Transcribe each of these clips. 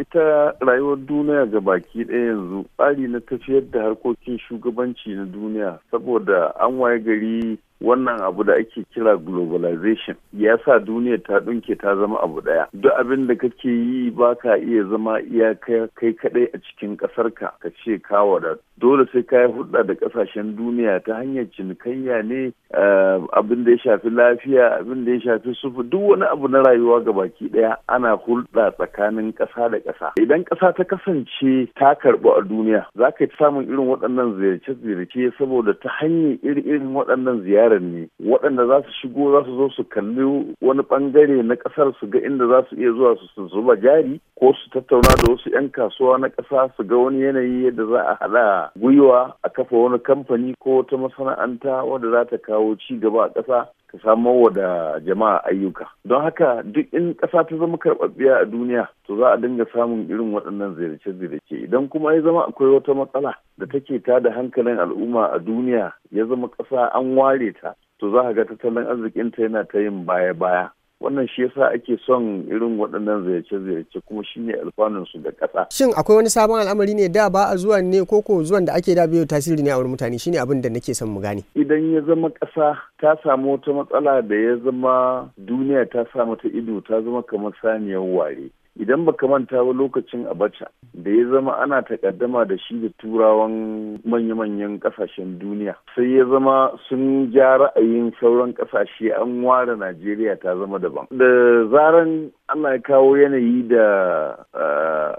ita rayuwar duniya ga baki ɗaya yanzu tsari na tafiyar da harkokin shugabanci na duniya saboda an waye gari wannan abu da ake kira globalization ya sa duniya ta dunke ta zama abu daya duk abin da kake yi ba ka iya zama iya kai kadai a cikin kasar ka ka ce ka wada dole sai ka hudda da kasashen duniya ta hanyar cinikanya ne eh, abin da ya shafi lafiya abin da ya shafi sufu duk wani abu na rayuwa ga baki daya ana hulɗa tsakanin ƙasa da ƙasa idan ƙasa ta kasance ta karɓu a duniya za ka samun irin waɗannan ziyarce-ziyarce saboda ta hanyar irin waɗannan ziyara ɓangaren ne waɗanda za su shigo za su zo su kalli wani ɓangare na ƙasar su ga inda za su iya zuwa su zuba jari ko su tattauna da wasu 'yan kasuwa na ƙasa su ga wani yanayi yadda za a haɗa gwiwa a kafa wani kamfani ko wata masana'anta wadda za ta kawo ci gaba a ƙasa ta samo wa da jama'a ayyuka don haka duk in ƙasa ta zama karɓaɓɓiya a duniya to za a dinga samun irin waɗannan ziyarce-ziyarce idan kuma ya zama akwai wata matsala da take ta da hankalin al'umma a duniya ya zama ƙasa an ware ta to za ka ga tattalin arzikinta yana ta yin baya-baya wannan shi yasa ake son irin waɗannan ziyarce-ziyarce kuma shi ne alfanunsu da ƙasa. shin akwai wani sabon al'amari ne da ba a zuwa ne koko zuwan da ake da biyu tasiri ne a wurin mutane shine abin da nake son mu gane. idan ya zama ƙasa ta samu wata matsala da ya zama duniya ta sa ta ido ta zama kamar saniyar ware idan baka manta ba lokacin abacha da ya zama ana takaddama da shi da turawan manya-manyan kasashen duniya sai ya zama sun ja ra'ayin sauran kasashe an ware najeriya ta zama daban da zaran ana kawo yanayi da ah,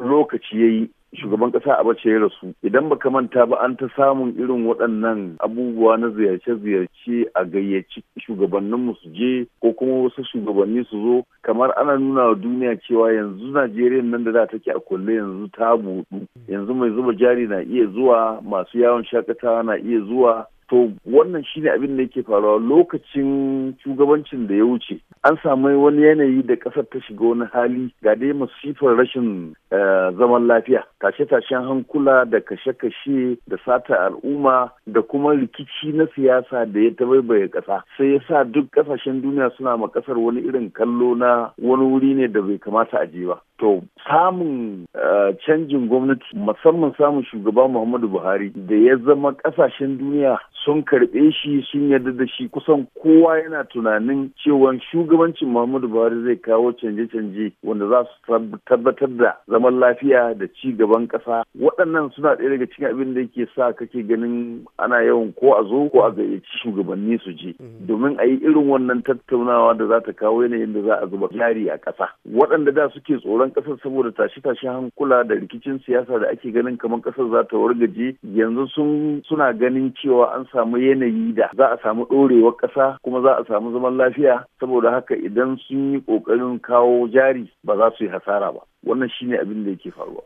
lokaci ya yi shugaban kasa bace ya rasu idan baka manta ba an ta samun irin waɗannan abubuwa na ziyarce-ziyarce a gayyaci shugabannin mu su je ko kuma wasu shugabanni su zo kamar ana nuna wa duniya cewa yanzu najeriya nan da za ke a kulle yanzu ta buɗu yanzu mai zuba jari na iya zuwa masu yawon shakatawa na iya zuwa to wannan shine abin da yake faruwa lokacin shugabancin da ya wuce an samu wani yanayi da ƙasar ta shiga wani hali ga dai masifar rashin eh, zaman lafiya tashe-tashen hankula da kashe-kashe da sata al'umma da kuma rikici na siyasa da ya tabaibaye ƙasa sai ya sa duk ƙasashen duniya suna ma ƙasar wani irin kallo na wani wuri ne da bai kamata a je ba to samun eh, canjin gwamnati musamman samun shugaba Muhammadu Buhari da ya zama kasashen duniya sun karɓe shi sun yarda da shi kusan kowa yana tunanin cewa shugabancin Muhammadu Buhari zai kawo canje-canje wanda za su tabbatar da zaman lafiya da ci gaban ƙasa waɗannan suna ɗaya daga cikin abin da yake sa kake ganin ana yawan ko a zo ko a gayyaci shugabanni su je mm-hmm. domin a yi irin wannan tattaunawa da za ta kawo yanayin da za a zuba jari a ƙasa waɗanda da suke tsoron ƙasar saboda tashi-tashi hankula da rikicin siyasa da ake ganin kamar kasar za ta wargaje yanzu sun suna ganin cewa an samu yanayi da za a samu ɗorewar ƙasa kuma za a samu zaman lafiya saboda haka idan sun yi ƙoƙarin kawo jari ba za su yi hasara ba wannan shine abin da yake faruwa